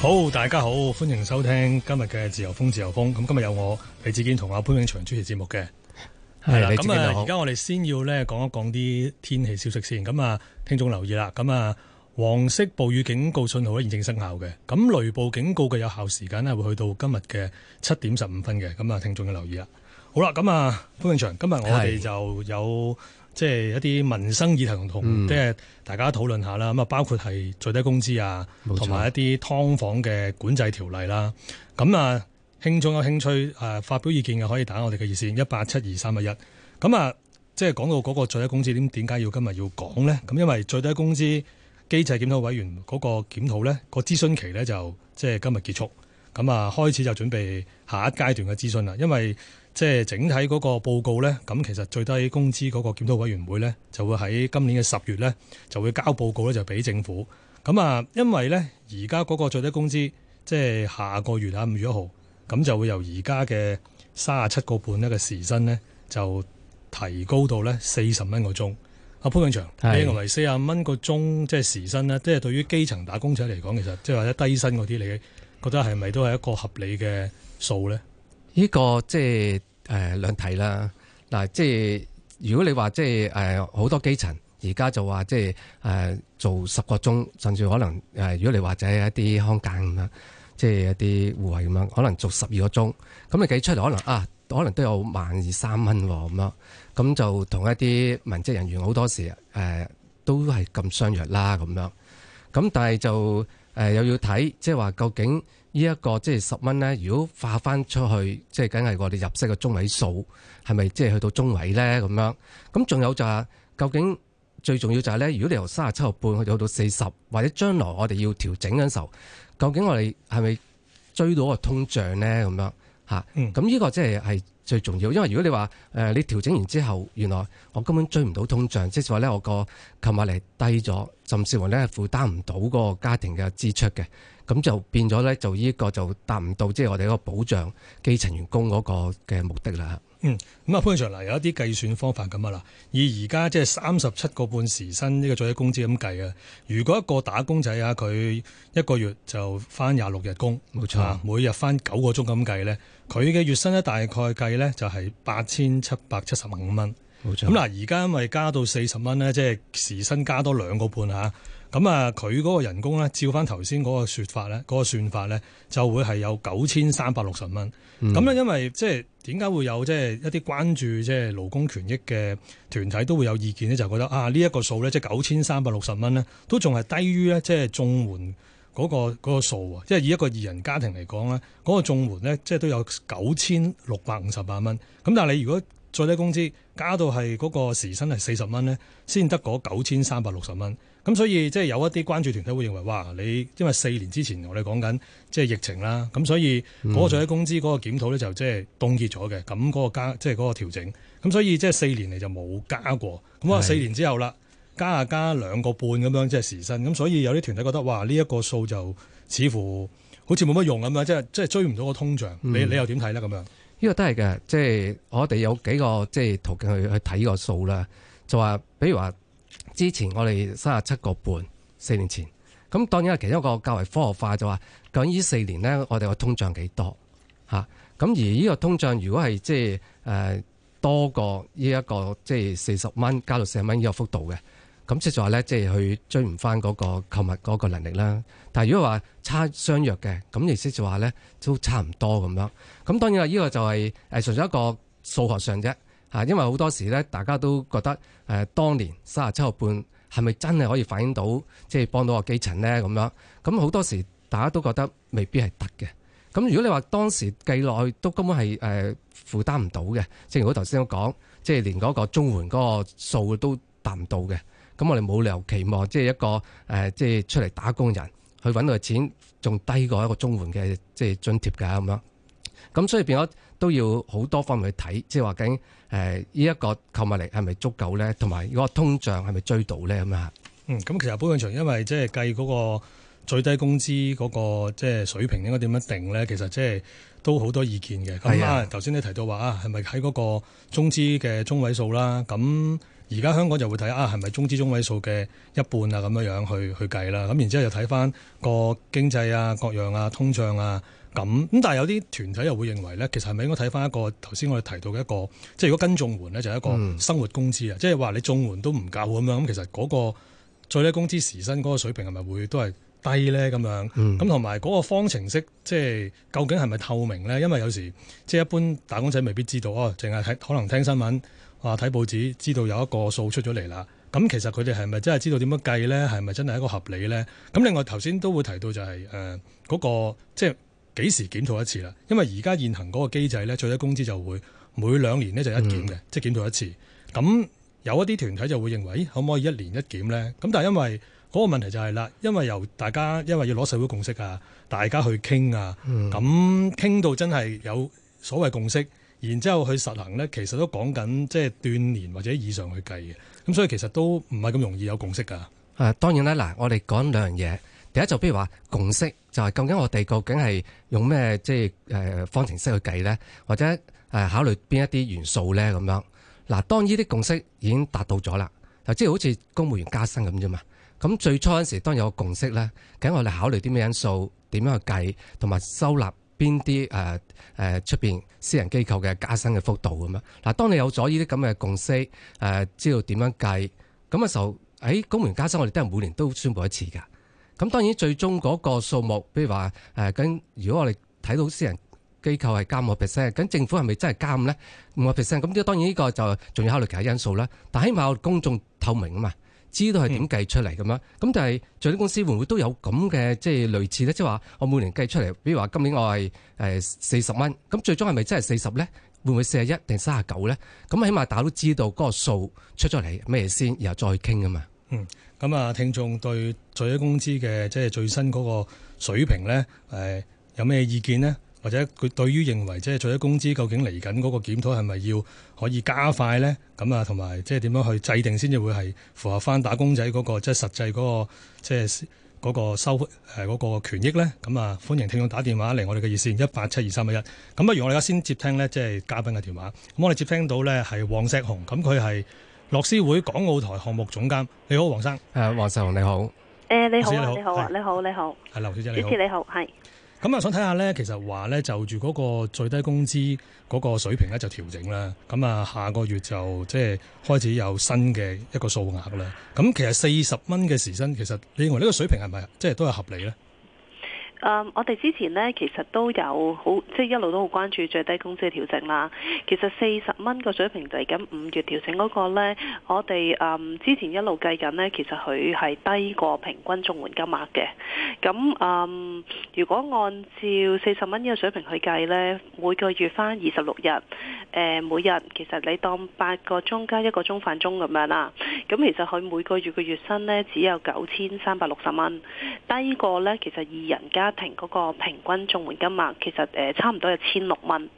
好，大家好，歡迎收聽今日嘅自由風自由風。咁今日有我李志堅同阿潘永祥主持節目嘅。係啦的，咁啊的，而家我哋先要咧講一講啲天氣消息先。咁啊，聽眾留意啦。咁啊，黃色暴雨警告信號現正生效嘅。咁雷暴警告嘅有效時間呢，會去到今日嘅七點十五分嘅。咁啊，聽眾要留意啦。好啦，咁啊，潘永祥，今日我哋就有。即係一啲民生議題同即係大家討論下啦，咁啊、嗯、包括係最低工資啊，同埋錯一啲劏房嘅管制條例啦。咁啊，聽眾、啊、有興趣誒、啊、發表意見嘅，可以打我哋嘅熱線一八七二三一一。咁啊，即係講到嗰個最低工資，點點解要今日要講呢？咁因為最低工資機制檢討委員嗰個檢討呢，個諮詢期呢，就即係今日結束，咁啊開始就準備下一階段嘅諮詢啦。因為即係整體嗰個報告呢，咁其實最低工資嗰個檢討委員會呢，就會喺今年嘅十月呢，就會交報告呢，就俾政府。咁啊，因為呢，而家嗰個最低工資，即係下個月啊五月一號，咁就會由而家嘅三十七個半一個時薪呢，就提高到呢四十蚊個鐘。阿潘永祥，是你認為四十蚊個鐘即係時薪呢？即係對於基層打工仔嚟講，其實即係或者低薪嗰啲，你覺得係咪都係一個合理嘅數呢？呢、這個即係誒兩睇啦。嗱，即係如果你話即係誒好多基層，而家就話即係誒做十個鐘，甚至可能誒、呃，如果你話者一啲看更咁樣，即係一啲護衞咁樣，可能做十二個鐘，咁你計出嚟可能啊，可能都有萬二三蚊喎咁樣。咁就同一啲文職人員好多時誒都係咁相若啦咁樣。咁但係就誒又要睇，即係話究竟。呢一、這個即係十蚊咧，如果化返出去，即係梗係我哋入息嘅中位數，係咪即係去到中位咧？咁樣咁仲有就係、是、究竟最重要就係咧，如果你由三十七個半去到到四十，或者將來我哋要調整嘅時候，究竟我哋係咪追到個通脹咧？咁樣吓，咁、這、呢個即係係最重要，因為如果你話誒、呃、你調整完之後，原來我根本追唔到通脹，即係話咧我個購買力低咗，甚至乎咧負擔唔到嗰個家庭嘅支出嘅。咁就變咗咧，就呢個就達唔到，即係我哋嗰個保障基層員工嗰個嘅目的啦。嗯，咁啊潘 sir 嗱，有一啲計算方法噶啊。嗱，以而家即係三十七個半時薪呢個最低工資咁計啊，如果一個打工仔啊，佢一個月就翻廿六日工，冇錯，每日翻九個鐘咁計咧，佢嘅月薪咧大概計咧就係八千七百七十五蚊。咁嗱，而家、嗯、因為加到四十蚊咧，即、就、係、是、時薪加多兩個半吓。咁啊，佢嗰個人工咧，照返頭先嗰個説法咧，嗰、那個算法咧，就會係有九千三百六十蚊。咁咧、嗯，因為即係點解會有即係、就是、一啲關注即係勞工權益嘅團體都會有意見咧，就是、覺得啊，呢、這、一個數咧，即係九千三百六十蚊咧，都仲係低於咧，即係綜援嗰個嗰、那個、數啊。即、就、係、是、以一個二人家庭嚟講咧，嗰、那個綜援咧，即、就、係、是、都有九千六百五十八蚊。咁但係你如果最低工資加到係嗰個時薪係四十蚊咧，先得嗰九千三百六十蚊。咁所以即係有一啲關注團體會認為，哇！你因為四年之前我哋講緊即係疫情啦，咁所以嗰個最低工資嗰個檢討咧就即係凍結咗嘅。咁嗰個加即係嗰個調整，咁所以即係四年嚟就冇加過。咁啊四年之後啦，是加啊加兩個半咁樣即係時薪。咁所以有啲團體覺得，哇！呢一個數就似乎好似冇乜用咁樣，即係即係追唔到個通脹。你你，你又點睇咧？咁樣？呢個都係嘅，即係我哋有幾個即係途徑去去睇個數啦，就話比如話之前我哋三十七個半，四年前，咁當然係其中一個較為科學化就話，究竟呢四年咧我哋個通脹幾多吓？咁而呢個通脹如果係即係誒多過呢一個即係四十蚊加到四十蚊呢個幅度嘅。咁即係話咧，即係去追唔翻嗰個購物嗰個能力啦。但係如果話差相若嘅，咁意思就話咧都差唔多咁樣。咁當然啦，呢個就係誒純粹一個數學上啫嚇。因為好多時咧，大家都覺得誒當年三十七毫半係咪真係可以反映到即係幫到個基層咧咁樣？咁好多時大家都覺得未必係得嘅。咁如果你話當時計落去都根本係誒負擔唔到嘅。即係如果頭先講，即係連嗰個綜援嗰個數都達唔到嘅。咁我哋冇理由期望即係一個誒、呃，即係出嚟打工人去搵到嘅錢，仲低過一個綜援嘅即係津貼嘅咁樣。咁所以變咗都要好多方面去睇，即係話究竟誒呢一個購物力係咪足夠咧？同埋個通脹係咪追到咧？咁樣吓。嗯。咁其實保險牆因為即係計嗰個最低工資嗰個即係水平應該點樣定咧？其實即係都好多意見嘅。係啊。頭先你提到話啊，係咪喺嗰個中資嘅中位數啦？咁而家香港就會睇啊，係咪中資中位數嘅一半啊咁樣樣去去計啦。咁然之後又睇返個經濟啊、各樣啊、通脹啊咁。咁但係有啲團體又會認為咧，其實係咪應該睇返一個頭先我哋提到嘅一個，即係如果跟綜援咧就係、是、一個生活工資啊。嗯、即係話你綜援都唔夠咁樣，咁其實嗰個最低工資時薪嗰個水平係咪會都係低咧咁樣？咁同埋嗰個方程式即係究竟係咪透明咧？因為有時即係一般打工仔未必知道哦，淨係可，可能聽新聞。話睇報紙知道有一個數出咗嚟啦，咁其實佢哋係咪真係知道點樣計呢？係咪真係一個合理呢？咁另外頭先都會提到就係誒嗰個即係幾時檢討一次啦。因為而家現行嗰個機制呢，最低工資就會每兩年呢就一檢嘅，嗯、即係檢討一次。咁有一啲團體就會認為可唔可以一年一檢呢？咁但係因為嗰、嗰個問題就係、是、啦，因為由大家因為要攞社會共識啊，大家去傾啊，咁傾、嗯、到真係有所謂共識。然之後去實行咧，其實都講緊即係鍛鍊或者以上去計嘅，咁所以其實都唔係咁容易有共識噶。誒，當然啦，嗱，我哋講兩樣嘢，第一就譬如話共識，就係、是、究竟我哋究竟係用咩即係誒方程式去計咧，或者誒考慮邊一啲元素咧咁樣。嗱，當呢啲共識已經達到咗啦，就即係好似公務員加薪咁啫嘛。咁最初嗰時，當然有共識咧，梗係我哋考慮啲咩因素，點樣去計，同埋收納。邊啲誒誒出邊私人機構嘅加薪嘅幅度咁啊？嗱，當你有咗呢啲咁嘅共識誒，知道點樣計咁嘅時候、哎、公務員加薪，我哋都係每年都宣布一次噶。咁、啊、當然最終嗰個數目，比如話誒，咁、啊、如果我哋睇到私人機構係加五 percent，咁政府係咪真係加五咧？五 percent 咁，都當然呢個就仲要考慮其他因素啦。但起碼我公眾透明啊嘛。知道係點計出嚟咁樣，咁、嗯、但係，最低工資會唔會都有咁嘅即係類似咧？即係話我每年計出嚟，比如話今年我係誒四十蚊，咁最終係咪真係四十咧？會唔會四十一定三十九咧？咁起碼大家都知道嗰個數出咗嚟咩先，然後再傾啊嘛。嗯，咁啊，聽眾對最低工資嘅即係最新嗰個水平咧，誒有咩意見呢？或者佢對於認為即係最低工資究竟嚟緊嗰個檢討係咪要可以加快咧？咁啊，同埋即係點樣去制定先至會係符合翻打工仔嗰、那個即係實際嗰、那個即係嗰、那個收誒嗰、呃那個權益咧？咁啊，歡迎聽眾打電話嚟我哋嘅熱線一八七二三一一。咁不如我哋而家先接聽咧，即係嘉賓嘅電話。咁我哋接聽到咧係黃碩紅，咁佢係樂施會港澳台項目總監。你好，黃生。誒，黃碩紅你好。誒、欸，你好，啊你好啊，你好啊，你好，你好。係劉小姐你好。主持你好，咁啊，想睇下咧，其實話咧就住嗰個最低工資嗰個水平咧就調整啦。咁啊下個月就即係開始有新嘅一個數額啦。咁其實四十蚊嘅時薪，其實你認為呢個水平係咪即係都係合理咧？Um, 我哋之前呢，其實都有好，即係一路都好關注最低工資調整啦。其實四十蚊個水平就係緊五月調整嗰個呢，我哋、um, 之前一路計緊呢，其實佢係低過平均綜援金額嘅。咁、um, 如果按照四十蚊呢個水平去計呢，每個月返二十六日，誒、呃、每日其實你當八個鐘加一個鐘飯鐘咁樣啦。咁其實佢每個月嘅月薪呢，只有九千三百六十蚊，低過呢，其實二人間。家庭嗰個平均綜援金額其實誒、呃、差唔多有千六蚊，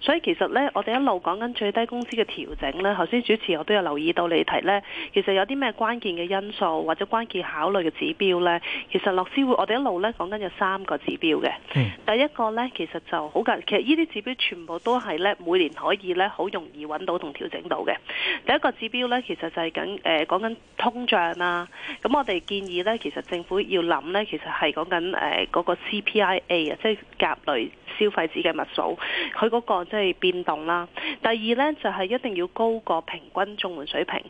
所以其實咧，我哋一路講緊最低工資嘅調整咧。頭先主持我都有留意到你提咧，其實有啲咩關鍵嘅因素或者關鍵考慮嘅指標咧？其實樂施會我哋一路咧講緊有三個指標嘅。嗯、第一個咧其實就好緊，其實呢啲指標全部都係咧每年可以咧好容易揾到同調整到嘅。第一個指標咧其實就係緊誒講緊通脹啊。咁我哋建議咧，其實政府要諗咧，其實係講緊誒嗰個。CPIA 啊，CP IA，即係甲類消費者嘅物數，佢嗰個即係變動啦。第二呢，就係、是、一定要高過平均綜援水平。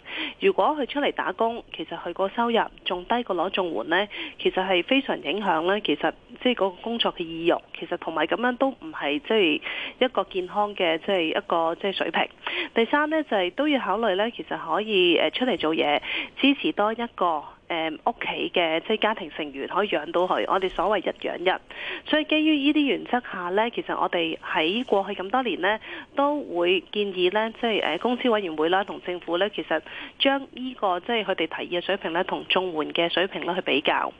如果佢出嚟打工，其實佢個收入仲低過攞綜援呢，其實係非常影響呢。其實即係嗰個工作嘅意欲，其實同埋咁樣都唔係即係一個健康嘅即係一個即係水平。第三呢，就係、是、都要考慮呢，其實可以誒出嚟做嘢支持多一個。誒屋企嘅即係家庭成員可以養到佢，我哋所謂一養一。所以基於呢啲原則下呢，其實我哋喺過去咁多年呢，都會建議呢，即係誒公司委員會啦，同政府呢，其實將呢個即係佢哋提議嘅水平呢，同綜援嘅水平呢去比較。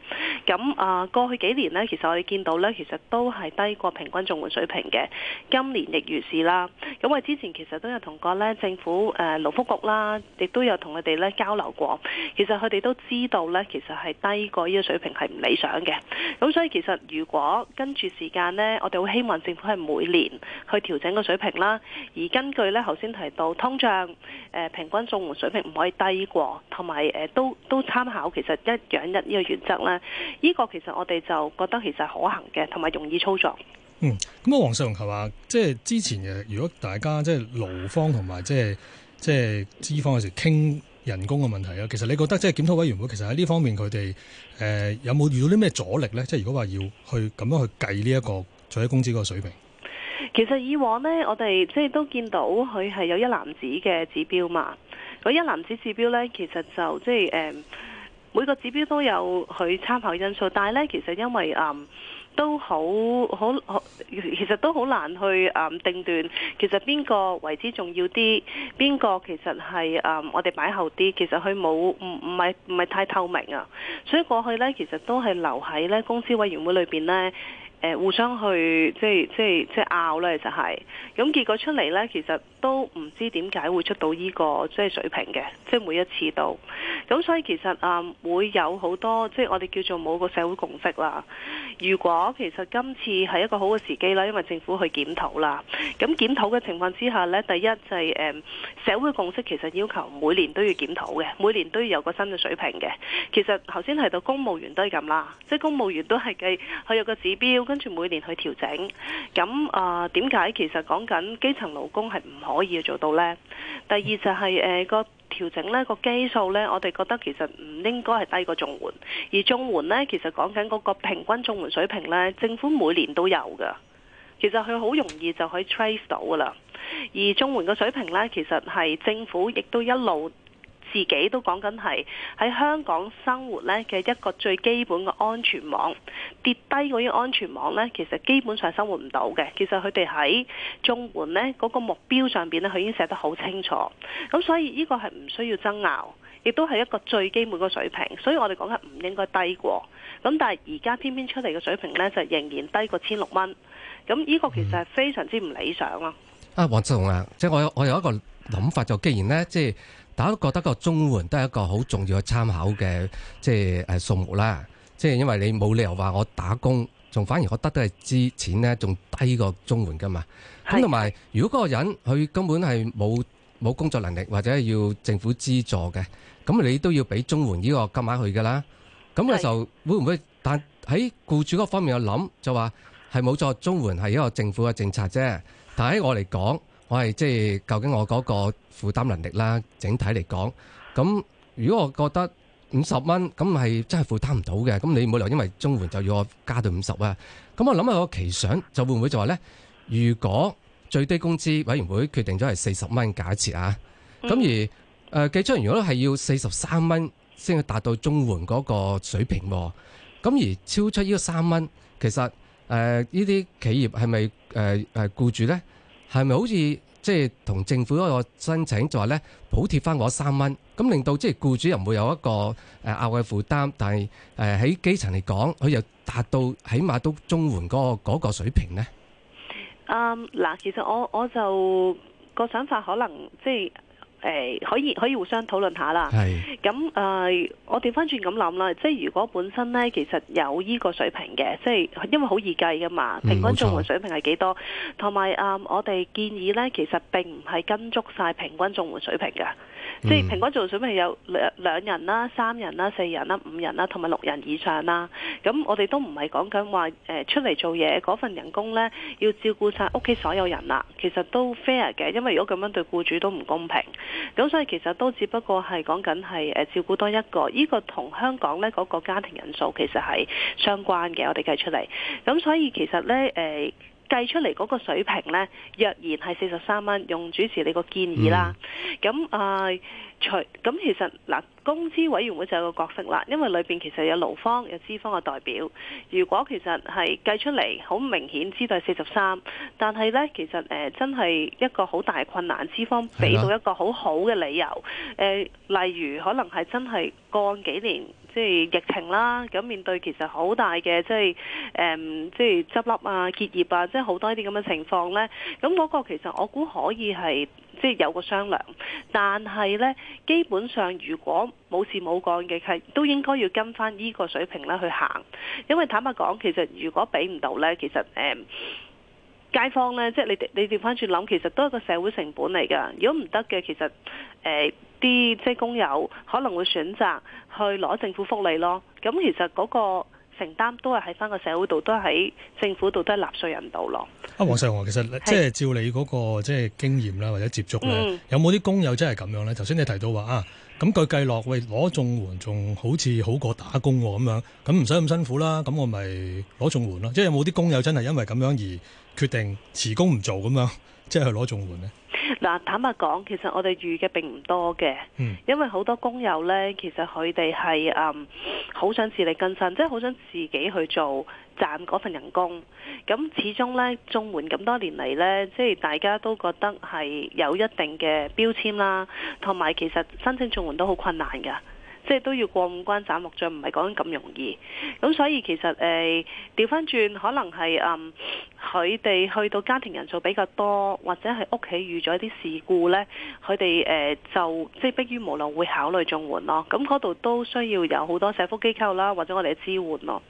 咁啊，過去幾年呢，其實我哋見到呢，其實都係低過平均綜援水平嘅，今年亦如是啦。咁我之前其實都有同過呢政府誒、呃、勞福局啦，亦都有同佢哋呢交流過。其實佢哋都知道。到咧，其實係低過呢個水平係唔理想嘅。咁所以其實如果跟住時間呢，我哋好希望政府係每年去調整個水平啦。而根據呢頭先提到通脹，誒、呃、平均綜援水平唔可以低過，同埋誒都都參考其實一樣一呢個原則啦。呢、這個其實我哋就覺得其實可行嘅，同埋容易操作。嗯，咁啊，黃碩紅係話，即係之前嘅，如果大家即係勞方同埋即係即係資方嘅時傾。人工嘅問題啊，其實你覺得即係檢討委員會其實喺呢方面佢哋誒有冇遇到啲咩阻力咧？即係如果話要去咁樣去計呢一個最低工資嗰個水平，其實以往咧，我哋即係都見到佢係有一籃子嘅指標嘛。嗰一籃子指標咧，其實就即係誒、嗯、每個指標都有佢參考因素，但係咧，其實因為啊。嗯都好好好，其實都好難去啊、嗯、定斷，其實邊個為之重要啲，邊個其實係啊、嗯。我哋擺後啲，其實佢冇唔唔係唔係太透明啊，所以過去呢，其實都係留喺呢公司委員會裏邊呢。誒，互相去即係即係即係拗咧，就係咁結果出嚟咧，其實都唔知點解會出到呢個即係水平嘅，即係每一次到咁，所以其實啊、嗯、會有好多即係我哋叫做冇個社會共識啦。如果其實今次係一個好嘅時機啦，因為政府去檢討啦，咁檢討嘅情況之下咧，第一就係、是、誒、嗯、社會共識，其實要求每年都要檢討嘅，每年都要有個新嘅水平嘅。其實頭先提到公務員都係咁啦，即係公務員都係計佢有個指標。跟住每年去調整，咁啊點解其實講緊基層勞工係唔可以做到呢？第二就係誒個調整呢、個基數呢，我哋覺得其實唔應該係低過綜援。而綜援呢，其實講緊嗰個平均綜援水平呢，政府每年都有㗎，其實佢好容易就可以 trace 到噶啦，而綜援個水平呢，其實係政府亦都一路。自己都講緊係喺香港生活呢嘅一個最基本嘅安全網，跌低嗰啲安全網呢，其實基本上生活唔到嘅。其實佢哋喺綜援呢嗰個目標上邊呢，佢已經寫得好清楚。咁所以呢個係唔需要爭拗，亦都係一個最基本嘅水平。所以我哋講緊唔應該低過咁，但係而家偏偏出嚟嘅水平呢，就仍然低過千六蚊。咁、這、呢個其實係非常之唔理想咯、嗯。啊，黃碩紅啊，即係我有我有一個諗法，就既然呢，即係。大家都覺得個綜援都係一個好重要嘅參考嘅，即係誒、呃、數目啦。即係因為你冇理由話我打工，仲反而覺得都係支錢呢，仲低過綜援噶嘛。咁同埋，如果嗰個人佢根本係冇冇工作能力，或者要政府資助嘅，咁你都要俾綜援呢個金額去噶啦。咁嘅時候會唔會？但喺僱主嗰方面我諗就話係冇錯，綜援係一個政府嘅政策啫。但喺我嚟講，我係即係究竟我嗰個負擔能力啦，整體嚟講，咁如果我覺得五十蚊咁係真係負擔唔到嘅，咁你冇理由因為中援就要我加到五十啊？咁我諗下個期想就會唔會就話呢？如果最低工資委員會會決定咗係四十蚊，假設啊，咁、嗯、而誒計出嚟如果係要四十三蚊先至達到中援嗰個水平喎，咁而超出呢個三蚊，其實誒呢啲企業係咪誒誒僱主呢？係咪好似即係同政府嗰個申請，就話咧補貼翻我三蚊，咁令到即係僱主又唔會有一個誒額外負擔，但係誒喺基層嚟講，佢又達到起碼都綜援嗰個嗰個水平咧？嗯，嗱，其實我我就個想法可能即係。誒、哎、可以可以互相討論下啦。係咁誒，我調翻轉咁諗啦，即係如果本身咧其實有依個水平嘅，即係因為好易計噶嘛，平均綜援水平係幾多？同埋誒，我哋建議咧，其實並唔係跟足晒平均綜援水平嘅。即係平均做準備有兩兩人啦、三人啦、四人啦、五人啦、同埋六人以上啦。咁我哋都唔係講緊話誒出嚟做嘢嗰份人工呢，要照顧晒屋企所有人啦。其實都 fair 嘅，因為如果咁樣對僱主都唔公平。咁所以其實都只不過係講緊係誒照顧多一個，呢個同香港呢嗰個家庭人數其實係相關嘅。我哋計出嚟，咁所以其實呢。誒。計出嚟嗰個水平咧，若然係四十三蚊，用主持你個建議啦，咁誒、嗯。除咁，其實嗱，工資委員會就有個角色啦，因為裏邊其實有勞方、有資方嘅代表。如果其實係計出嚟好明顯，知道係四十三，但係呢，其實誒、呃、真係一個好大困難，資方俾到一個好好嘅理由。誒、呃，例如可能係真係過幾年，即係疫情啦，咁面對其實好大嘅，即係誒、呃，即係執笠啊、結業啊，即係好多啲咁嘅情況呢。咁嗰個其實我估可以係。即係有個商量，但係呢，基本上如果冇事冇幹嘅，係都應該要跟翻呢個水平咧去行。因為坦白講，其實如果俾唔到呢，其實誒、嗯、街坊呢，即係你你調翻轉諗，其實都係個社會成本嚟㗎。如果唔得嘅，其實誒啲、嗯、即係工友可能會選擇去攞政府福利咯。咁、嗯、其實嗰、嗰個。承擔都係喺翻個社會度，都係喺政府度，都係納稅人度咯。阿黃碩紅，其實是即係照你嗰、那個即係經驗啦，或者接觸咧，嗯、有冇啲工友真係咁樣咧？頭先你提到話啊，咁佢計落，喂攞綜援仲好似好過打工喎，咁樣咁唔使咁辛苦啦，咁我咪攞綜援咯。即係有冇啲工友真係因為咁樣而決定辭工唔做咁樣，即係去攞綜援咧？嗱，坦白講，其實我哋遇嘅並唔多嘅，因為好多工友呢，其實佢哋係嗯好想自力更生，即係好想自己去做賺嗰份人工。咁始終呢，綜援咁多年嚟呢，即係大家都覺得係有一定嘅標籤啦，同埋其實申請綜援都好困難㗎。即係都要過五關斬六將，唔係講緊咁容易。咁所以其實誒調翻轉，可能係嗯佢哋去到家庭人數比較多，或者係屋企遇咗一啲事故咧，佢哋誒就即係迫於無力無奈會考慮綜援咯。咁嗰度都需要有好多社福機構啦，或者我哋嘅支援咯。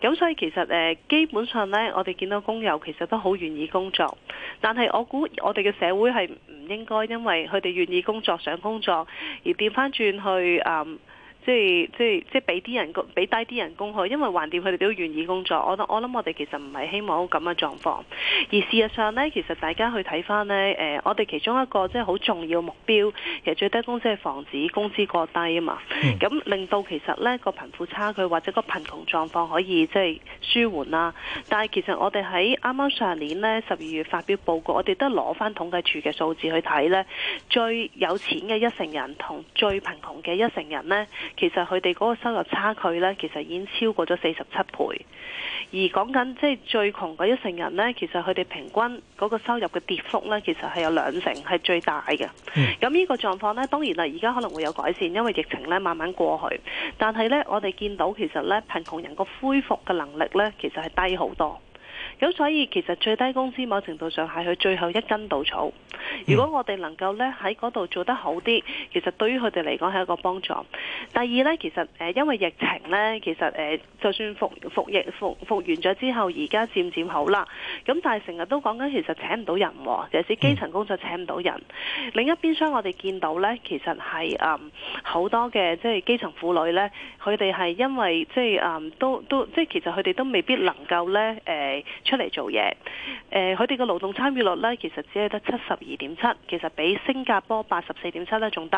咁所以其實誒、呃、基本上咧，我哋見到工友其實都好願意工作，但係我估我哋嘅社會係唔應該因為佢哋願意工作想工作而調翻轉去誒。嗯即係即係即係俾啲人俾低啲人工去，因為橫掂，佢哋都願意工作。我諗我諗，我哋其實唔係希望咁嘅狀況。而事實上呢，其實大家去睇翻呢，誒、呃，我哋其中一個即係好重要目標，其實最低工資係防止工資過低啊嘛。咁、嗯、令到其實呢個貧富差距或者個貧窮狀況可以即係舒緩啦、啊。但係其實我哋喺啱啱上年呢十二月發表報告，我哋都攞翻統計處嘅數字去睇呢，最有錢嘅一成人同最貧窮嘅一成人呢。其實佢哋嗰個收入差距呢，其實已經超過咗四十七倍。而講緊即係最窮嘅一成人呢，其實佢哋平均嗰個收入嘅跌幅呢，其實係有兩成係最大嘅。咁呢、嗯、個狀況呢，當然啦，而家可能會有改善，因為疫情呢慢慢過去。但係呢，我哋見到其實呢，貧窮人個恢復嘅能力呢，其實係低好多。咁所以其實最低工資某程度上係佢最後一根稻草。如果我哋能夠呢喺嗰度做得好啲，其實對於佢哋嚟講係一個幫助。第二呢，其實誒因為疫情呢，其實誒就算復復疫復復，復，復，復完咗之後，而家漸漸好啦。咁但係成日都講緊，其實請唔到人，尤其是基層工作請唔到人。另一邊廂我哋見到呢，其實係誒好多嘅即係基層婦女呢，佢哋係因為即係誒、嗯、都都即係其實佢哋都未必能夠呢。誒、呃。出嚟做嘢，誒、呃，佢哋嘅勞動參與率呢，其實只係得七十二點七，其實比新加坡八十四點七呢仲低。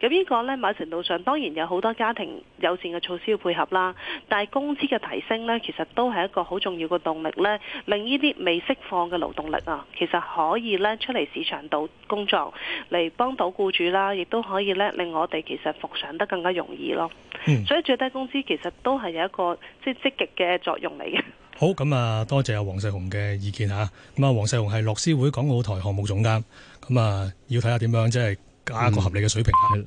咁呢個呢，某程度上當然有好多家庭友善嘅措施要配合啦，但係工資嘅提升呢，其實都係一個好重要嘅動力呢，令呢啲未釋放嘅勞動力啊，其實可以呢出嚟市場度工作，嚟幫到僱主啦，亦都可以呢令我哋其實復上得更加容易咯。嗯、所以最低工資其實都係有一個即係積極嘅作用嚟嘅。好咁啊，多謝阿黃碩紅嘅意見吓。咁啊，黃碩紅係樂施會港澳台項目總監。咁啊，要睇下點樣，即係加一個合理嘅水平吓。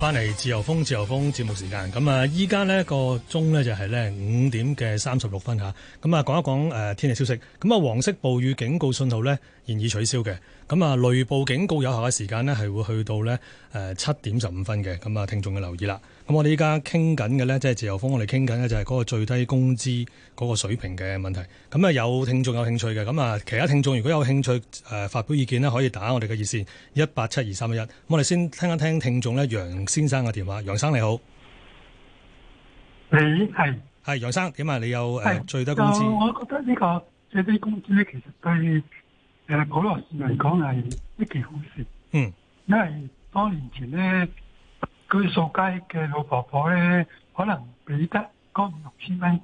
翻嚟，嗯啊、自由風，自由風節目時間。咁啊，依家呢個鐘呢，鐘呢就係呢五點嘅三十六分吓。咁啊，講一講誒、呃、天氣消息。咁啊，黃色暴雨警告信號呢，現已取消嘅。咁啊，雷暴警告有效嘅時間呢，係會去到呢誒七、呃、點十五分嘅。咁啊，聽眾嘅留意啦。咁我哋依家傾緊嘅咧，即係自由風，我哋傾緊嘅就係嗰個最低工資嗰個水平嘅問題。咁啊，有聽眾有興趣嘅，咁啊，其他聽眾如果有興趣誒、呃、發表意見咧，可以打我哋嘅熱線一八七二三一。咁我哋先聽一聽聽眾咧，楊先生嘅電話。楊生你好，你係係楊生，點啊？你有誒是最低工資？我覺得呢個最低工資咧，其實對誒好羅斯嚟講係一件好事。嗯，因為多年前咧。佢掃街嘅老婆婆咧，可能俾得嗰五六千蚊，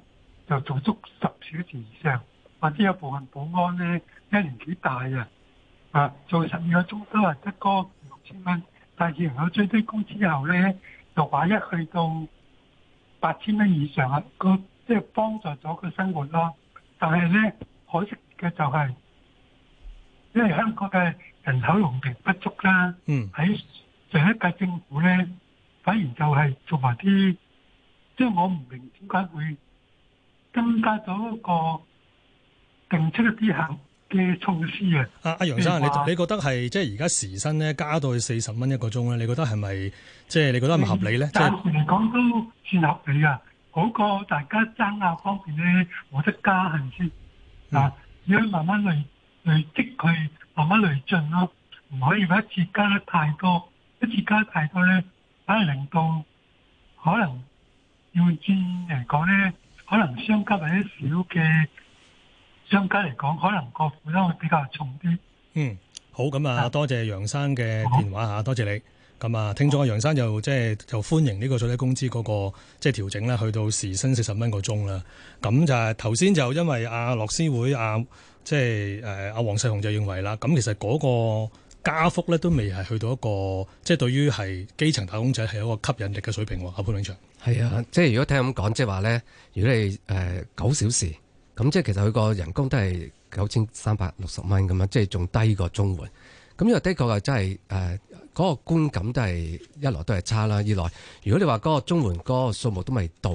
就做足十小時以上，或者有部分保安咧，一年幾大啊？啊，做十二個鐘都係得嗰五六千蚊，但係如果最低工資後咧，就話一去到八千蚊以上啊，佢即係幫助咗佢生活啦。但係咧，可惜嘅就係，因為香港嘅人口容平不足啦，喺上一屆政府咧。反而就係做埋啲，即係我唔明點解會增加咗一個定出一啲客嘅措施啊！阿阿楊生，你你覺得係即係而家時薪咧加到去四十蚊一個鐘咧？你覺得係咪即係你覺得係咪合理咧？即係嚟講都算合理啊！好過大家爭拗方面咧，我得加行先嗱，啊、嗯，要慢慢累累積佢，慢慢累進咯，唔可以話一次加得太多，一次加得太多咧。反而令到可能要轉嚟講咧，可能商家或者小嘅商家嚟講，可能個負擔會比較重啲。嗯，好，咁啊，啊多謝楊生嘅電話吓，多謝你。咁啊，聽眾啊，楊生就即係、就是、就歡迎呢個最低工資嗰、那個即係調整咧，去到時薪四十蚊個鐘啦。咁就係頭先就因為阿樂施會阿即係誒阿黃碩紅就認為啦，咁其實嗰、那個。加幅咧都未係去到一個，即係對於係基層打工仔係一個吸引力嘅水平喎。阿潘永祥，係啊，即係如果聽咁講，即係話咧，如果你誒九、呃、小時，咁即係其實佢個人工都係九千三百六十蚊咁樣，即係仲低過中環。咁因為的確啊、就是，真係誒嗰個觀感都係一來都係差啦，二來如果你話嗰個中環嗰個數目都未到，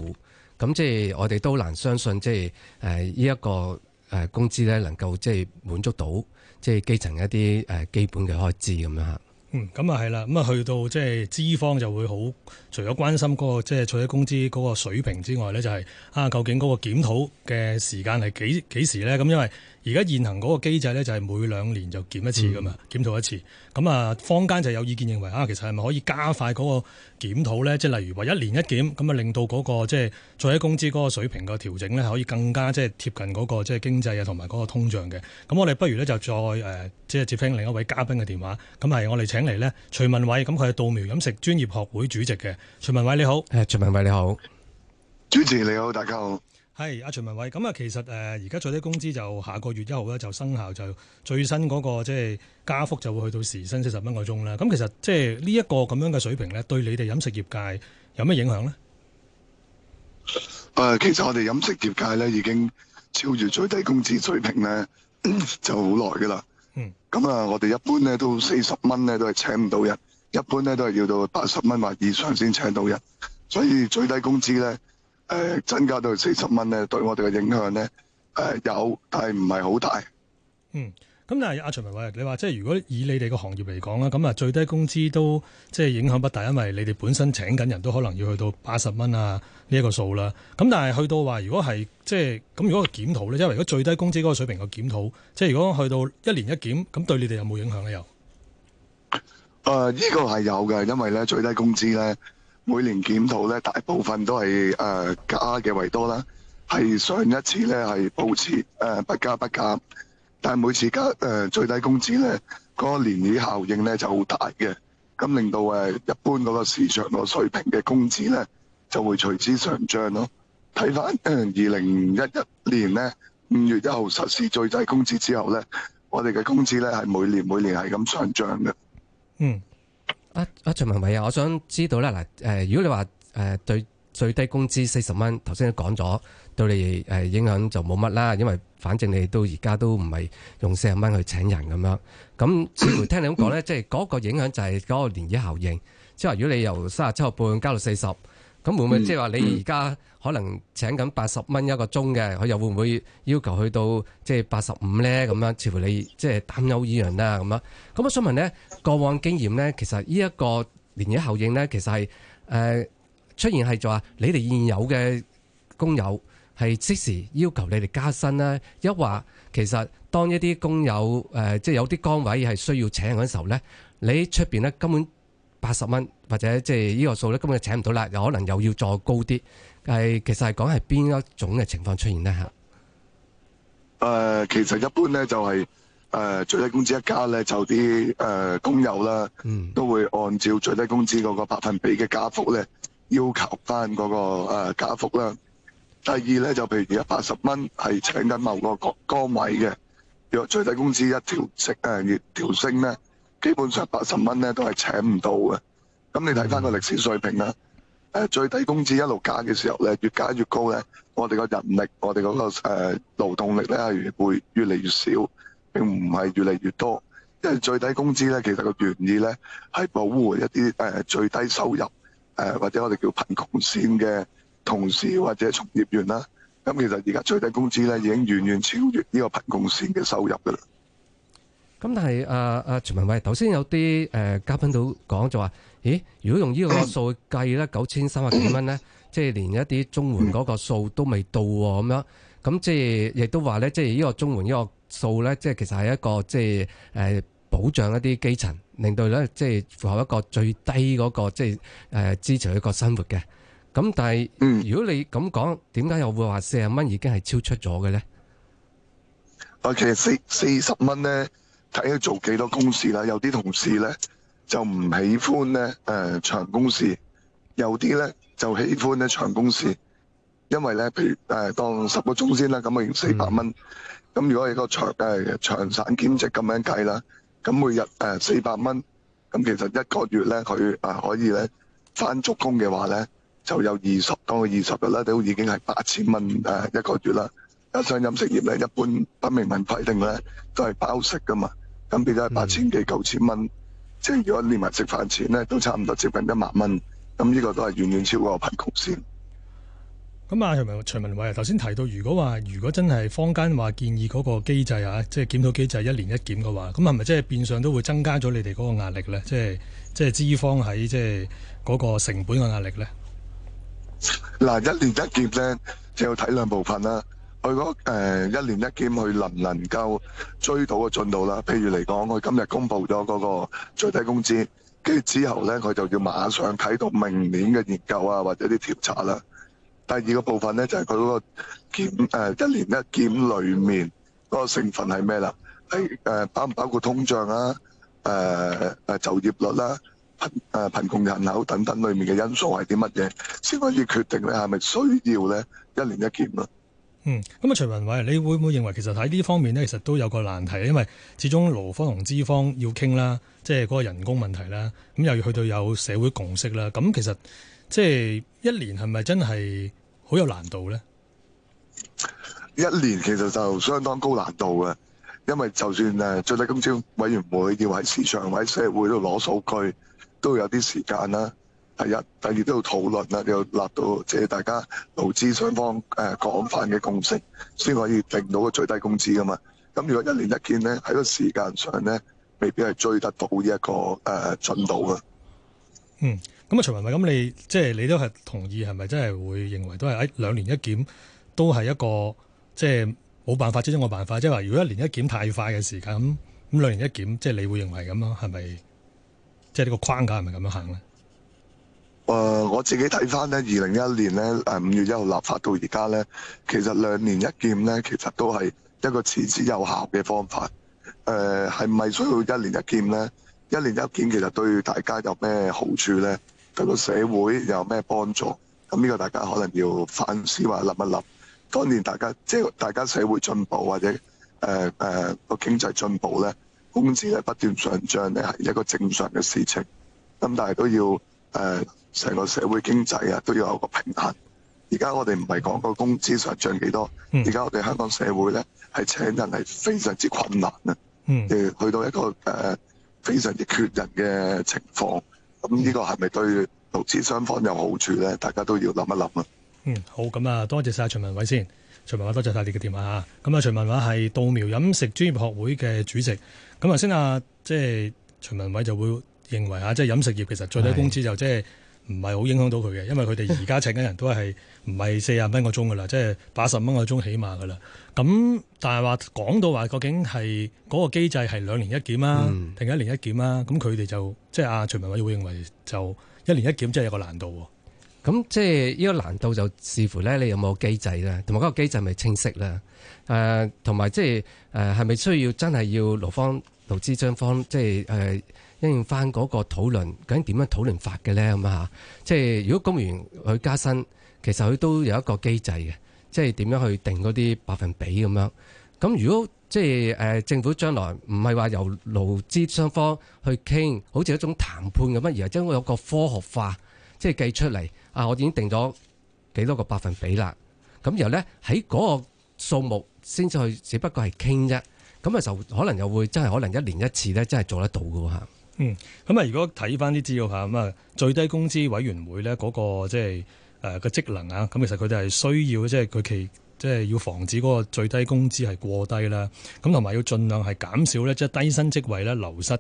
咁即係我哋都難相信，即係誒呢一個誒工資咧能夠即係滿足到。即係基層一啲誒基本嘅開支咁樣嚇，嗯，咁啊係啦，咁啊去到即係資方就會好，除咗關心嗰、那個即係最低工資嗰個水平之外咧，就係、是、啊究竟嗰個檢討嘅時間係幾幾時咧？咁、嗯、因為。而家現，現行嗰個機制咧，就係每兩年就檢一次噶嘛，嗯、檢討一次。咁啊，坊間就有意見認為啊，其實係咪可以加快嗰個檢討咧？即係例如話一年一檢，咁啊，令到嗰、那個即係最低工資嗰個水平個調整咧，可以更加即係貼近嗰、那個即係經濟啊同埋嗰個通脹嘅。咁我哋不如咧就再誒，即、呃、係接聽另一位嘉賓嘅電話。咁係我哋請嚟咧，徐汶緯，咁佢係稻苗飲食專業學會主席嘅。徐汶緯你好，誒，徐汶緯你好，主持你好，大家好。係阿徐汶緯，咁啊，其實誒而家最低工資就下個月一號咧就生效，就最新嗰個即係加幅就會去到時薪四十蚊個鐘啦。咁其實即係呢一個咁樣嘅水平咧，對你哋飲食業界有咩影響咧？誒，其實我哋飲食業界咧已經超越最低工資水平咧就好耐噶啦。嗯，咁啊，我哋一般咧都四十蚊咧都係請唔到人，一般咧都係要到八十蚊或以上先請到人，所以最低工資咧。誒、呃、增加到四十蚊咧，對我哋嘅影響咧，誒、呃、有，但係唔係好大。嗯，咁但係阿、啊、徐汶緯，你話即係如果以你哋個行業嚟講啦，咁啊最低工資都即係影響不大，因為你哋本身請緊人都可能要去到八十蚊啊呢一、這個數啦。咁但係去到話，如果係即係咁，如果個檢討咧，因為如果最低工資嗰個水平嘅檢討，即係如果去到一年一檢，咁對你哋有冇影響咧？又誒、呃，依、這個係有嘅，因為咧最低工資咧。每年檢討咧，大部分都係誒加嘅為多啦。係上一次咧係保持誒不加不減，但係每次加誒最低工資咧，嗰個漣漪效應咧就好大嘅，咁令到誒一般嗰個市場個水平嘅工資咧就會隨之上漲咯。睇返誒二零一一年咧五月一號實施最低工資之後咧，我哋嘅工資咧係每年每年係咁上漲嘅。嗯。阿阿、啊、徐汶緯啊，我想知道呢。嗱，如果你話誒對最低工資四十蚊，頭先都講咗對你誒影響就冇乜啦，因為反正你到而家都唔係用四十蚊去請人咁樣，咁似乎聽你咁講咧，即係嗰個影響就係嗰個漣漪效應，即係話，如果你由三十七個半加到四十。咁會唔會即係話你而家可能請緊八十蚊一個鐘嘅，佢又會唔會要求去到即係八十五咧咁樣？似乎你即係擔憂一樣啦。咁啊。咁我想問呢，過往經驗呢，其實呢一個漣漪效應呢，其實係誒、呃、出現係就話你哋現有嘅工友係即時要求你哋加薪啦，一話其實當一啲工友誒、呃、即係有啲崗位係需要請嘅時候呢，你出面呢根本。八十蚊或者即係呢個數咧，根本就請唔到啦，又可能又要再高啲。係其實係講係邊一種嘅情況出現呢？吓？誒，其實一般咧就係、是、誒、呃、最低工資一家咧就啲誒工友啦，嗯、都會按照最低工資嗰個百分比嘅加幅咧要求翻嗰、那個誒、呃、加幅啦。第二咧就譬如而家八十蚊係請緊某個崗崗位嘅，若最低工資一調升誒調升咧。呃基本上八十蚊咧都係請唔到嘅，咁你睇翻個歷史水平啦。誒最低工資一路加嘅時候咧，越加越高咧，我哋個人力，我哋嗰個誒勞動力咧係會越嚟越少，並唔係越嚟越多。因為最低工資咧，其實個原意咧係保護一啲誒最低收入誒或者我哋叫貧窮線嘅同事或者從業員啦。咁其實而家最低工資咧已經遠遠超越呢個貧窮線嘅收入㗎啦。咁但係、呃、啊啊徐汶緯，頭先有啲誒、呃、嘉賓都講就話，咦？如果用呢個數計咧，九千三百幾蚊咧，即係連一啲綜援嗰個數都未到喎，咁樣，咁即係亦都話咧，即係呢個綜援呢個數咧，即係其實係一個即係誒、呃、保障一啲基層，令到咧即係符合一個最低嗰、那個即係誒、呃、支持一個生活嘅。咁但係、嗯、如果你咁講，點解又會話四十蚊已經係超出咗嘅咧？啊、okay，其實四四十蚊咧。睇佢做幾多工時啦，有啲同事咧就唔喜歡咧誒、呃、長工時，有啲咧就喜歡咧長工時，因為咧譬如誒、呃、當十個鐘先啦，咁啊四百蚊，咁、嗯、如果係個長誒、啊、長散兼職咁樣計啦，咁每日誒四百蚊，咁其實一個月咧佢啊可以咧翻足工嘅話咧，就有二十當佢二十日咧都已經係八千蚊誒一個月啦。加上飲食業咧一般不明文規定咧都係包食噶嘛。咁變咗係八千幾九千蚊，嗯嗯、即係如果連埋食飯錢咧，都差唔多接近一萬蚊。咁呢個都係遠遠超過貧窮線。咁啊、嗯，徐汶徐汶緯啊，頭先提到如，如果話如果真係坊間話建議嗰個機制啊，即係檢討機制一年一檢嘅話，咁係咪即係變相都會增加咗你哋嗰個壓力咧？即係即係資方喺即係嗰個成本嘅壓力咧？嗱、啊，一年一檢咧，就要睇兩部分啦、啊。佢嗰誒一年一檢，佢能唔能夠追到個進度啦？譬如嚟講，佢今日公布咗嗰個最低工資，跟住之後咧，佢就要馬上啟動明年嘅研究啊，或者啲調查啦。第二個部分咧，就係佢嗰個檢誒一年一檢裏面嗰個成分係咩啦？係誒包唔包括通脹啊？誒誒就業率啦、貧誒貧窮人口等等裏面嘅因素係啲乜嘢，先可以決定咧係咪需要咧一年一檢啊？嗯，咁啊，徐汶緯，你會唔會認為其實喺呢方面咧，其實都有個難題，因為始終勞方同資方要傾啦，即係嗰個人工問題啦，咁又要去到有社會共識啦，咁其實即係一年係咪真係好有難度咧？一年其實就相當高難度嘅，因為就算誒最低工資委員會要喺市場、喺社會度攞數據，都有啲時間啦。第一、第二都要討論啦，你要立到即係大家勞資雙方誒、呃、廣泛嘅共識，先可以定到個最低工資噶嘛。咁如果一年一檢咧，喺個時間上咧，未必係追得到呢一個誒、呃、進度啊、嗯。嗯，咁啊，徐汶緯，係、就、咁、是，你即係你都係同意係咪？真係會認為都係喺兩年一檢都係一個即係冇辦法之中嘅辦法，即係話如果一年一檢太快嘅時間，咁咁兩年一檢，即、就、係、是、你會認為咁咯？係咪？即係呢個框架係咪咁樣行咧？誒、呃、我自己睇返咧，二零一一年咧誒五月一號立法到而家咧，其實兩年一檢咧，其實都係一個持之有效嘅方法。誒係咪需要一年一檢咧？一年一檢其實對大家有咩好處咧？對個社會有咩幫助？咁呢個大家可能要反思或諗一諗。當年大家即係大家社會進步或者誒誒個經濟進步咧，工資咧不斷上漲咧係一個正常嘅事情。咁但係都要誒。呃成個社會經濟啊，都要有個平衡。而家我哋唔係講個工資上漲幾多，而家我哋香港社會咧係請人係非常之困難啊，誒去到一個誒非常之缺人嘅情況。咁呢個係咪對勞資雙方有好處咧？大家都要諗一諗啊。嗯，好，咁啊，多謝晒。徐汶緯先。徐汶緯多謝晒你嘅電話嚇。咁啊，徐汶緯係稻苗飲食專業學會嘅主席。咁頭先啊，即係徐汶緯就會認為嚇，即係飲食業其實最低工資就即係。唔係好影響到佢嘅，因為佢哋而家請緊人都係唔係四十蚊個鐘噶啦， 即係八十蚊個鐘起碼噶啦。咁但係話講到話，究竟係嗰、那個機制係兩年一檢啊，定、嗯、一年一檢啊？咁佢哋就即係阿、啊、徐汶緯會認為就一年一檢真係有個難度喎、啊。咁即係呢、這個難度就視乎咧你有冇機制啦，同埋嗰個機制係咪清晰啦？誒、呃，同埋即係誒係咪需要真係要勞方勞資雙方即係誒？呃應用翻嗰個討論，究竟點樣討論法嘅呢？咁、嗯、啊即係如果公務員去加薪，其實佢都有一個機制嘅，即係點樣去定嗰啲百分比咁樣。咁、嗯、如果即係、呃、政府將來唔係話由勞資雙方去傾，好似一種談判咁樣，而係將會有個科學化，即係計出嚟啊！我已經定咗幾多個百分比啦。咁然後呢，喺嗰個數目先至去，只不過係傾啫。咁啊就可能又會真係可能一年一次呢，真係做得到㗎喎。嗯，咁啊，如果睇返啲資料吓，咁啊最低工資委員會咧、那、嗰個即係誒個職能啊，咁其實佢哋係需要即係佢其即係要防止嗰個最低工資係過低啦，咁同埋要盡量係減少咧即係低薪職位咧流失，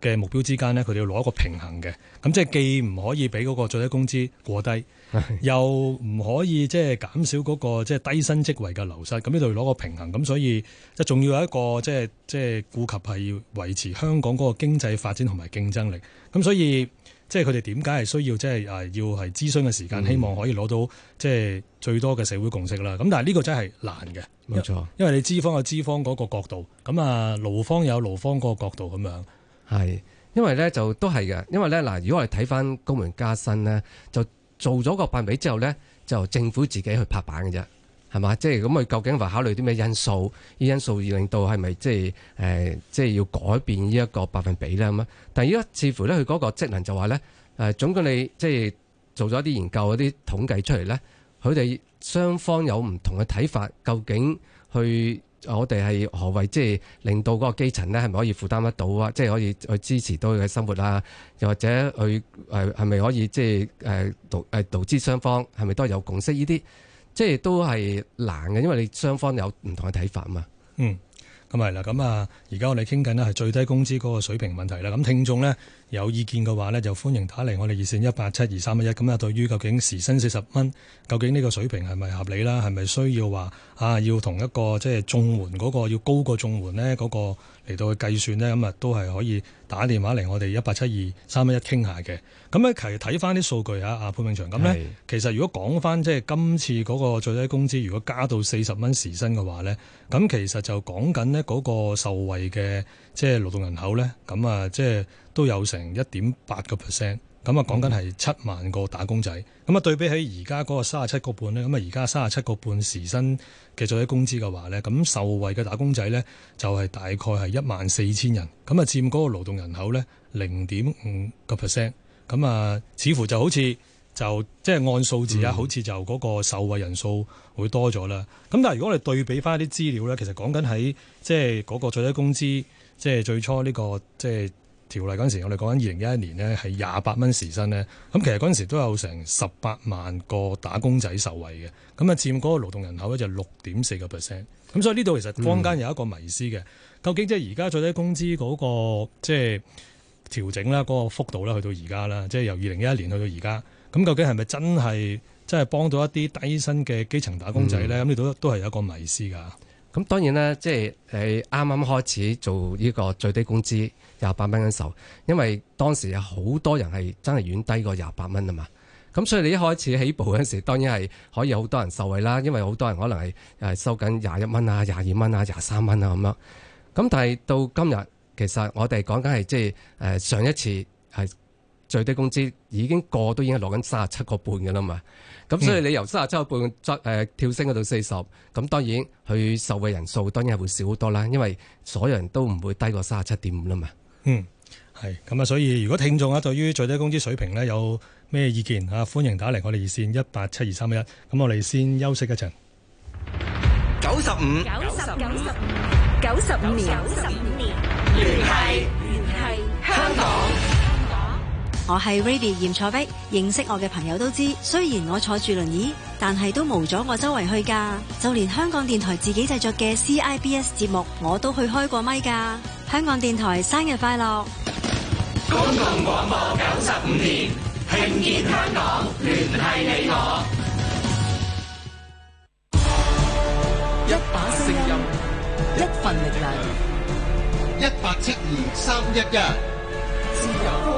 嘅目標之間呢，佢哋要攞一個平衡嘅，咁即係既唔可以俾嗰個最低工資過低， 又唔可以即係減少嗰個即係低薪職位嘅流失，咁呢度要攞個平衡，咁所以即仲要有一個即係即係顧及係要維持香港嗰個經濟發展同埋競爭力，咁所以即係佢哋點解係需要即係誒要係諮詢嘅時間，嗯、希望可以攞到即係最多嘅社會共識啦。咁但係呢個真係難嘅，冇錯，因為你資方有資方嗰個角度，咁啊勞方有勞方嗰個角度咁樣。係，因為咧就都係嘅，因為咧嗱，如果我哋睇翻公員加薪咧，就做咗個百分比之後咧，就政府自己去拍板嘅啫，係嘛？即係咁佢究竟話考慮啲咩因素？依因素而令到係咪即係誒，即係、呃、要改變呢一個百分比咧咁啊？但係而家似乎咧佢嗰個職能就話咧，誒、呃、總計你即係做咗一啲研究、一啲統計出嚟咧，佢哋雙方有唔同嘅睇法，究竟去？我哋係何為，即係令到嗰個基層咧，係咪可以負擔得到啊？即係可以去支持到佢嘅生活啊？又或者佢誒係咪可以即係誒導誒導致雙方係咪都係有共識？呢啲即係都係難嘅，因為你雙方有唔同嘅睇法嘛。嗯，咁係啦，咁啊，而家我哋傾緊咧係最低工資嗰個水平問題啦。咁聽眾咧。有意見嘅話呢就歡迎打嚟我哋熱線一八七二三一一。咁啊，對於究竟時薪四十蚊，究竟呢個水平係咪合理啦？係咪需要話啊，要同一個即係綜援嗰個要高過綜援呢嗰個嚟到去計算呢，咁、嗯、啊，都係可以打電話嚟我哋一八七二三一一傾下嘅。咁咧，其實睇翻啲數據啊，阿潘永祥咁呢，是其實如果講翻即係今次嗰個最低工資如果加到四十蚊時薪嘅話呢，咁其實就講緊呢嗰個受惠嘅。即係勞動人口呢，咁啊，即係都有成一點八個 percent，咁啊，講緊係七萬個打工仔。咁啊、嗯，對比起而家嗰個三十七個半呢，咁啊，而家三十七個半時薪嘅最低工資嘅話呢，咁受惠嘅打工仔呢，就係大概係一萬四千人。咁啊，佔嗰個勞動人口呢，零點五個 percent。咁啊，似乎就好似就即係按數字啊，嗯、好似就嗰個受惠人數會多咗啦。咁但係如果我哋對比翻啲資料呢，其實講緊喺即係嗰個最低工資。即係最初呢、這個即係、就是、條例嗰陣時，我哋講緊二零一一年呢係廿八蚊時薪呢。咁其實嗰陣時都有成十八萬個打工仔受惠嘅，咁啊，佔嗰個勞動人口咧就六點四個 percent，咁所以呢度其實坊間有一個迷思嘅，嗯、究竟即係而家最低工資嗰、那個即係、就是、調整啦，嗰個幅度啦，去、就是、到而家啦，即係由二零一一年去到而家，咁究竟係咪真係真係幫到一啲低薪嘅基層打工仔咧？咁呢度都係有一個迷思㗎。咁當然啦，即係你啱啱開始做呢個最低工資廿八蚊嘅時候，因為當時有好多人係真係遠低過廿八蚊啊嘛。咁所以你一開始起步嗰陣時，當然係可以有好多人受惠啦，因為好多人可能係誒收緊廿一蚊啊、廿二蚊啊、廿三蚊啊咁樣。咁但係到今日，其實我哋講緊係即係誒上一次係。最低工資已經個都已經係落緊三十七個半嘅啦嘛，咁所以你由三十七個半誒跳升到四十，咁、嗯、當然佢受惠人數當然係會少好多啦，因為所有人都唔會低過三十七點五啦嘛。嗯，係咁啊，所以如果聽眾啊對於最低工資水平呢有咩意見啊，歡迎打嚟我哋熱線一八七二三一，咁我哋先休息一陣。九十五，九十五，九十五年，九十五年聯繫。我係 Raby 嚴楚碧，認識我嘅朋友都知，雖然我坐住輪椅，但係都冇咗我周圍去噶。就連香港電台自己製作嘅 CIBS 節目，我都去開過咪噶。香港電台生日快樂！公共廣播九十五年，聽見香港，聯繫你我，一把聲音，一份力量，一八七二三一一。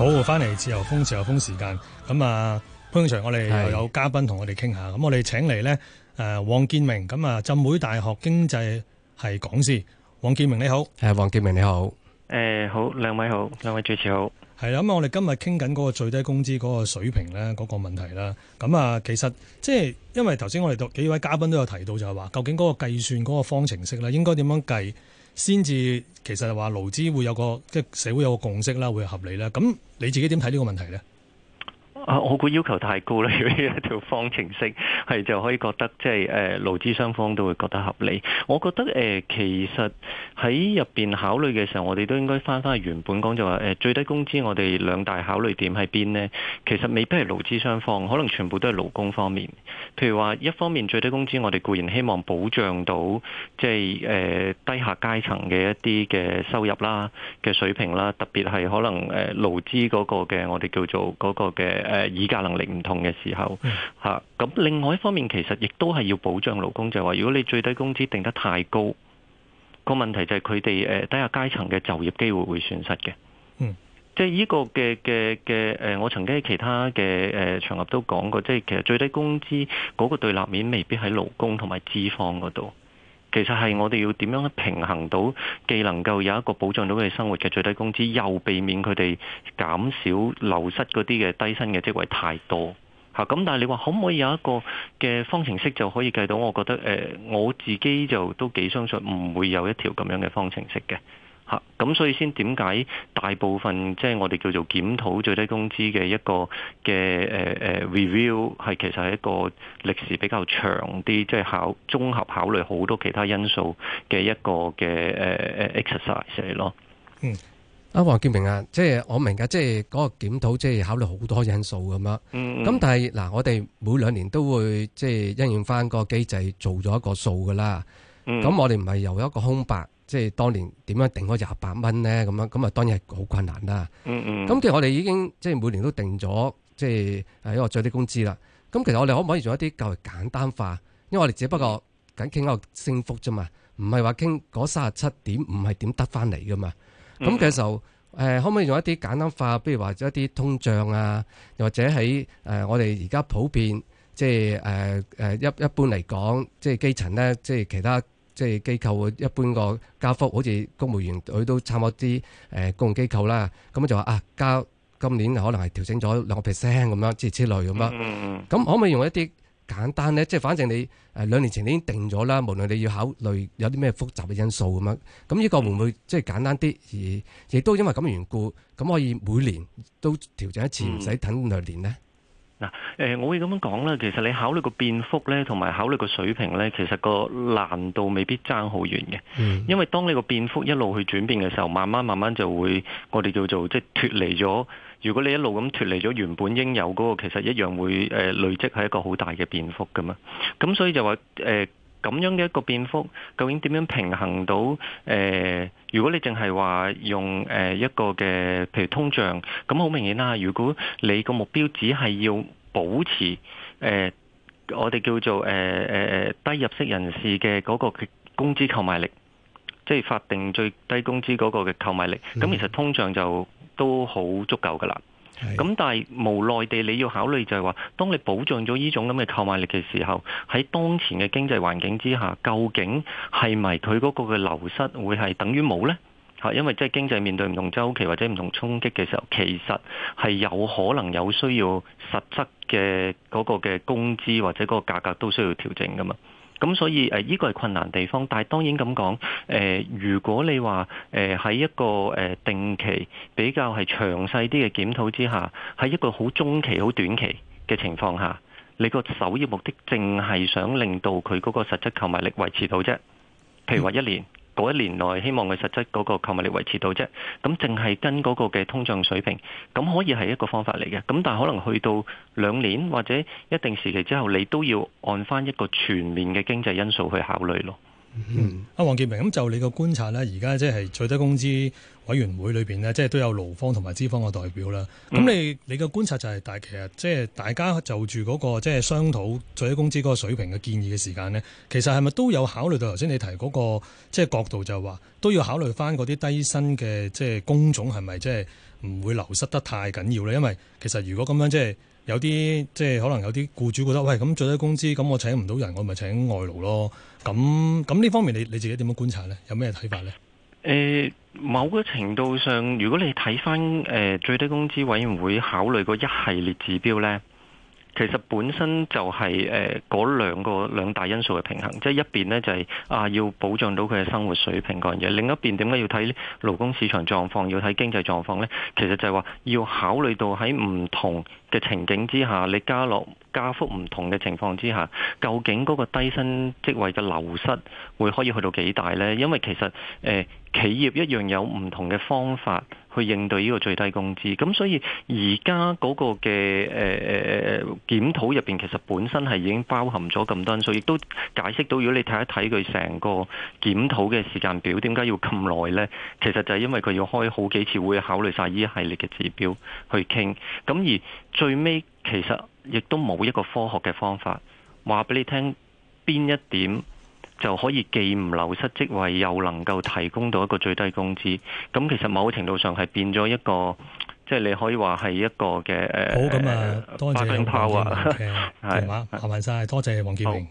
好翻嚟！自由風，自由風時間。咁、呃、啊，潘永我哋又有嘉賓同我哋傾下。咁是我哋請嚟呢誒，黃、呃、健明，咁、呃、啊，浸會大學經濟系講師，黃健明你好。誒、呃，黃健明你好。誒、呃，好，兩位好，兩位主持好。係啦，咁、嗯、我哋今日傾緊嗰個最低工資嗰個水平咧，嗰、嗰個問題啦。咁、嗯、啊，其實即係因為頭先我哋幾位嘉賓都有提到就，就係話究竟嗰個計算嗰個方程式咧，應該點樣計先至其實話勞資會有個即係社會有個共識啦，會合理咧。咁、嗯、你自己點睇呢個問題咧？啊！我估要求太高啦，如果一條方程式係就可以覺得即係誒勞資雙方都會覺得合理。我覺得誒、呃、其實喺入邊考慮嘅時候，我哋都應該翻翻去原本講就話誒最低工資，我哋兩大考慮點喺邊咧？其實未必係勞資雙方，可能全部都係勞工方面。譬如話一方面最低工資，我哋固然希望保障到即係誒低下階層嘅一啲嘅收入啦嘅水平啦，特別係可能誒勞資嗰個嘅我哋叫做嗰個嘅誒。誒議價能力唔同嘅時候，嚇咁另外一方面，其實亦都係要保障勞工，就係話如果你最低工資定得太高，個問題就係佢哋誒低下階層嘅就業機會會損失嘅。即係呢個嘅嘅嘅誒，我曾經喺其他嘅誒場合都講過，即係其實最低工資嗰個對立面未必喺勞工同埋資方嗰度。其實係我哋要點樣去平衡到既能夠有一個保障到佢哋生活嘅最低工資，又避免佢哋減少流失嗰啲嘅低薪嘅職位太多嚇。咁、嗯、但係你話可唔可以有一個嘅方程式就可以計到？我覺得誒、呃，我自己就都幾相信唔會有一條咁樣嘅方程式嘅。咁、啊、所以先點解大部分即係我哋叫做檢討最低工資嘅一個嘅誒誒、呃、review，係其實係一個歷史比較長啲，即係考綜合考慮好多其他因素嘅一個嘅誒誒 exercise 嚟咯、嗯。嗯，阿黃健明啊，即係我明㗎，即係嗰個檢討即係考慮好多因素咁樣、嗯。嗯咁但係嗱，我哋每兩年都會即係因應返個機制做咗一個數噶啦、啊。嗯。咁我哋唔係由一個空白。嗯嗯即係當年點樣定嗰廿八蚊咧？咁樣咁啊，當然係好困難啦。嗯嗯。咁其實我哋已經即係每年都定咗，即係誒，因為漲啲工資啦。咁其實我哋可唔可以做一啲較為簡單化？因為我哋只不過緊傾一個升幅啫嘛，唔係話傾嗰三十七點五係點得翻嚟噶嘛。咁、嗯嗯、其實誒，可唔可以用一啲簡單化？譬如話一啲通脹啊，又或者喺誒我哋而家普遍即係誒誒一一般嚟講，即係基層咧，即係其他。即係機構一般個加幅，好似公務員佢都差唔多啲誒公共機構啦，咁就話啊加今年可能係調整咗兩個 percent 咁樣，即係之類咁樣。咁可唔可以用一啲簡單咧？即係反正你、呃、兩年前已經定咗啦，無論你要考慮有啲咩複雜嘅因素咁樣，咁呢個會唔會即係簡單啲？而亦都因為咁嘅緣故，咁可以每年都調整一次，唔使等兩年咧？嗱，誒，我會咁樣講咧，其實你考慮個變幅咧，同埋考慮個水平咧，其實個難度未必爭好遠嘅。因為當你個變幅一路去轉變嘅時候，慢慢慢慢就會，我哋叫做即係脫離咗。如果你一路咁脫離咗原本應有嗰個，其實一樣會誒累積係一個好大嘅變幅噶嘛。咁所以就話誒。呃咁樣嘅一個變幅，究竟點樣平衡到？誒、呃，如果你淨係話用誒、呃、一個嘅，譬如通脹，咁好明顯啦。如果你個目標只係要保持誒、呃，我哋叫做誒誒、呃呃、低入息人士嘅嗰個工資購買力，即係法定最低工資嗰個嘅購買力，咁其實通脹就都好足夠噶啦。咁但係無奈地，你要考慮就係話，當你保障咗呢種咁嘅購買力嘅時候，喺當前嘅經濟環境之下，究竟係咪佢嗰個嘅流失會係等於冇呢？嚇，因為即係經濟面對唔同周期或者唔同衝擊嘅時候，其實係有可能有需要實質嘅嗰個嘅工資或者嗰個價格都需要調整㗎嘛。咁所以誒，依個係困難地方，但係當然咁講，誒、呃，如果你話誒喺一個誒定期比較係詳細啲嘅檢討之下，喺一個好中期、好短期嘅情況下，你個首要目的，淨係想令到佢嗰個實質購買力維持到啫，譬如話一年。嗯嗰一年內希望佢實質嗰個購物力維持到啫，咁淨係跟嗰個嘅通脹水平，咁可以係一個方法嚟嘅。咁但係可能去到兩年或者一定時期之後，你都要按翻一個全面嘅經濟因素去考慮咯。嗯，阿、mm hmm. 啊、黃健明，咁就你個觀察咧，而家即係最低工資委員會裏邊呢，即、就、係、是、都有勞方同埋資方嘅代表啦。咁、mm hmm. 你你個觀察就係、是，但其實即係大家就住嗰個即係商討最低工資嗰個水平嘅建議嘅時間呢，其實係咪都有考慮到頭先你提嗰個即係角度就，就話都要考慮翻嗰啲低薪嘅即係工種係咪即係唔會流失得太緊要咧？因爲其實如果咁樣即、就、係、是。有啲即係可能有啲雇主覺得喂咁最低工資，咁我請唔到人，我咪請外勞咯。咁咁呢方面你你自己點樣觀察咧？有咩睇法咧？誒、呃，某個程度上，如果你睇翻誒最低工資委員會考慮嗰一系列指標咧，其實本身就係誒嗰兩個兩大因素嘅平衡，即係一邊咧就係、是、啊要保障到佢嘅生活水平嗰樣嘢，另一邊點解要睇勞工市場狀況，要睇經濟狀況咧？其實就係話要考慮到喺唔同。嘅情景之下，你加落加幅唔同嘅情況之下，究竟嗰個低薪職位嘅流失會可以去到幾大咧？因為其實誒、呃、企業一樣有唔同嘅方法去應對呢個最低工資，咁所以而家嗰個嘅誒誒誒檢討入邊其實本身係已經包含咗咁多因素，所以亦都解釋到，如果你睇一睇佢成個檢討嘅時間表，點解要咁耐咧？其實就係因為佢要開好幾次會，考慮晒呢一系列嘅指標去傾，咁而最尾其實亦都冇一個科學嘅方法，話俾你聽邊一點就可以既唔流失職位，又能夠提供到一個最低工資。咁其實某程度上係變咗一個，即係你可以話係一個嘅誒。好，咁啊，多謝。電話拜拜曬，多謝黃健明。